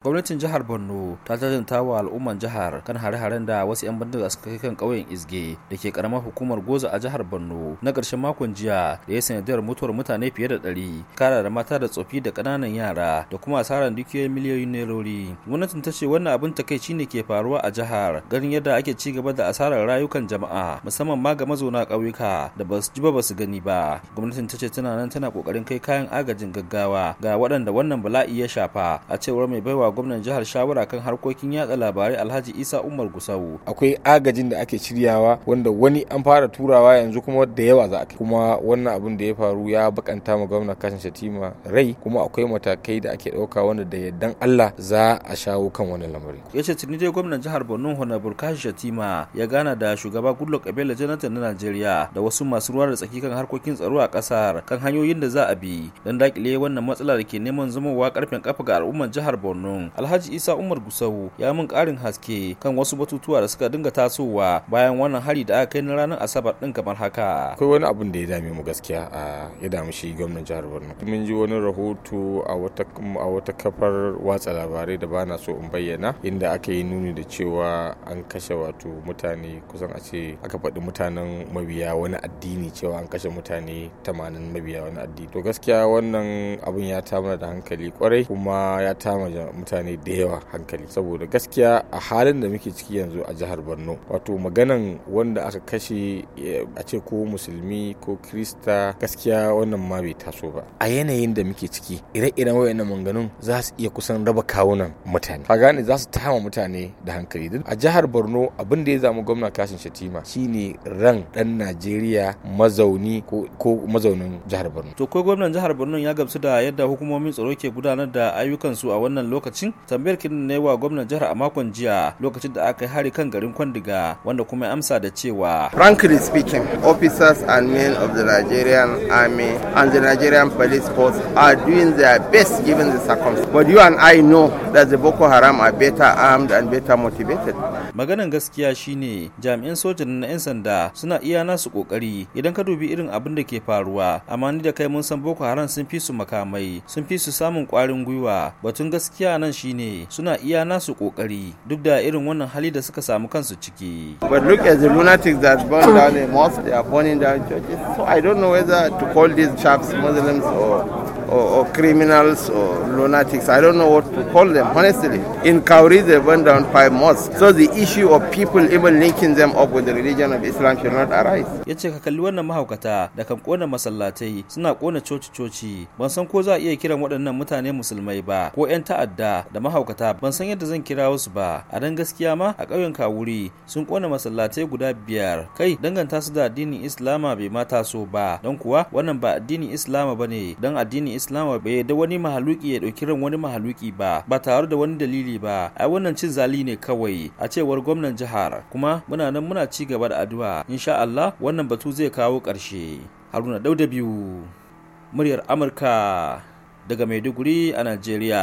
gwamnatin jihar borno ta jajanta wa al'umman jihar kan hare-haren da wasu 'yan da suka kai kan ƙauyen izge da ke karamar hukumar goza a jihar borno na ƙarshen makon jiya da ya sanadiyar mutuwar mutane fiye da ɗari kara da mata da tsofi da ƙananan yara da kuma asarar dukiyoyin miliyoyin nerori gwamnatin ta ce wannan abin takaici ne ke faruwa a jihar ganin yadda ake ci gaba da asarar rayukan jama'a musamman ma ga mazauna ƙauyuka da ba su ji ba ba su gani ba gwamnatin ta ce tana nan tana ƙoƙarin kai kayan agajin gaggawa ga waɗanda wannan bala'i ya shafa a cewar mai baiwa gwamnan jihar shawara kan harkokin yatsa labarai Alhaji Isa Umar Gusau. Akwai agajin da ake shiryawa wanda wani an fara turawa yanzu kuma da yawa za a kuma wannan abun da ya faru ya bakanta ma gwamnan Kashin Shatima rai kuma akwai matakai da ake ɗauka wanda da yardan Allah za a shawo kan wani lamarin. Ya ce tuni gwamnan jihar Borno Honorable Kashin Shatima ya gana da shugaba Goodluck abela Jonathan na Najeriya da wasu masu ruwa da tsaki kan harkokin tsaro a ƙasar kan hanyoyin da za a bi don dakile wannan matsala da ke neman zamowa karfin kafa ga al'ummar jihar Borno. Kano Alhaji Isa Umar Gusau ya mun karin haske kan wasu batutuwa da suka dinga tasowa bayan wannan hari da aka kai na ranar Asabar din kamar haka. Akwai wani abun da ya dame mu gaskiya a ya damu shi gwamnatin jihar Borno. Mun ji wani rahoto a wata a wata kafar watsa labarai da bana so in bayyana inda aka yi nuni da cewa an kashe wato mutane kusan a ce aka faɗi mutanen mabiya wani addini cewa an kashe mutane 80 mabiya wani addini. To gaskiya wannan abun ya tamar da hankali kwarai kuma ya mutane. mutane da yawa hankali saboda gaskiya a halin da muke ciki yanzu a jihar borno wato maganan wanda aka kashe eh, a ce ko musulmi ko krista gaskiya wannan ma bai taso ba a yanayin da muke ciki ire-iren wayannan manganun za su iya kusan raba kawunan mutane ka gane za su tama mutane da hankali a jihar borno abin da ya zama gwamna kashin shatima shine ran dan najeriya mazauni ko mazaunin jihar borno to ko gwamnan jihar borno ya gamsu da yadda hukumomin tsaro ke gudanar da ayyukansu a wannan lokaci lokacin tambayar kin ne wa gwamnan jihar a makon jiya lokacin da aka yi hari kan garin Kwandiga wanda kuma ya amsa da cewa Frankly speaking officers and men of the Nigerian army and the Nigerian police force are doing their best given the circumstances but you and I know that the Boko Haram are better armed and better motivated maganan gaskiya shine jami'an sojan na 'yan sanda suna iya nasu kokari idan ka dubi irin abin da ke faruwa amma ni da kai mun san boko haram sun fi su makamai sun fi su samun kwarin gwiwa batun gaskiya nan anan shine suna iya nasu kokari duk da irin wannan hali da suka samu kansu ciki but look at the lunatics that burn down a mosque they are burning down churches so i don't know whether to call these chaps muslims or or, or, criminals or lunatics. I don't know what to call them, honestly. In Kauri, they burned down five mosques. So the issue of people even linking them up with the religion of Islam should not arise. Ya ce ka kalli wannan mahaukata da kan kona masallatai suna kona coci-coci. Ban san ko za a iya kiran waɗannan mutane musulmai ba ko 'yan ta'adda da mahaukata ban san yadda zan kira wasu ba. A dan gaskiya ma a ƙauyen Kawuri sun kona masallatai guda biyar. Kai danganta su da addinin Islama bai ma taso ba. Don kuwa wannan ba addinin Islama bane don addinin islama bai yadda wani mahaluki ya ɗauki ran wani mahaluki ba ba tare da wani dalili ba ai wannan cin zali ne kawai a cewar gwamnan jihar kuma muna nan muna ci gaba da addu'a insha Allah wannan batu zai kawo ƙarshe Haruna Dauda biyu muryar Amurka daga Maiduguri a Najeriya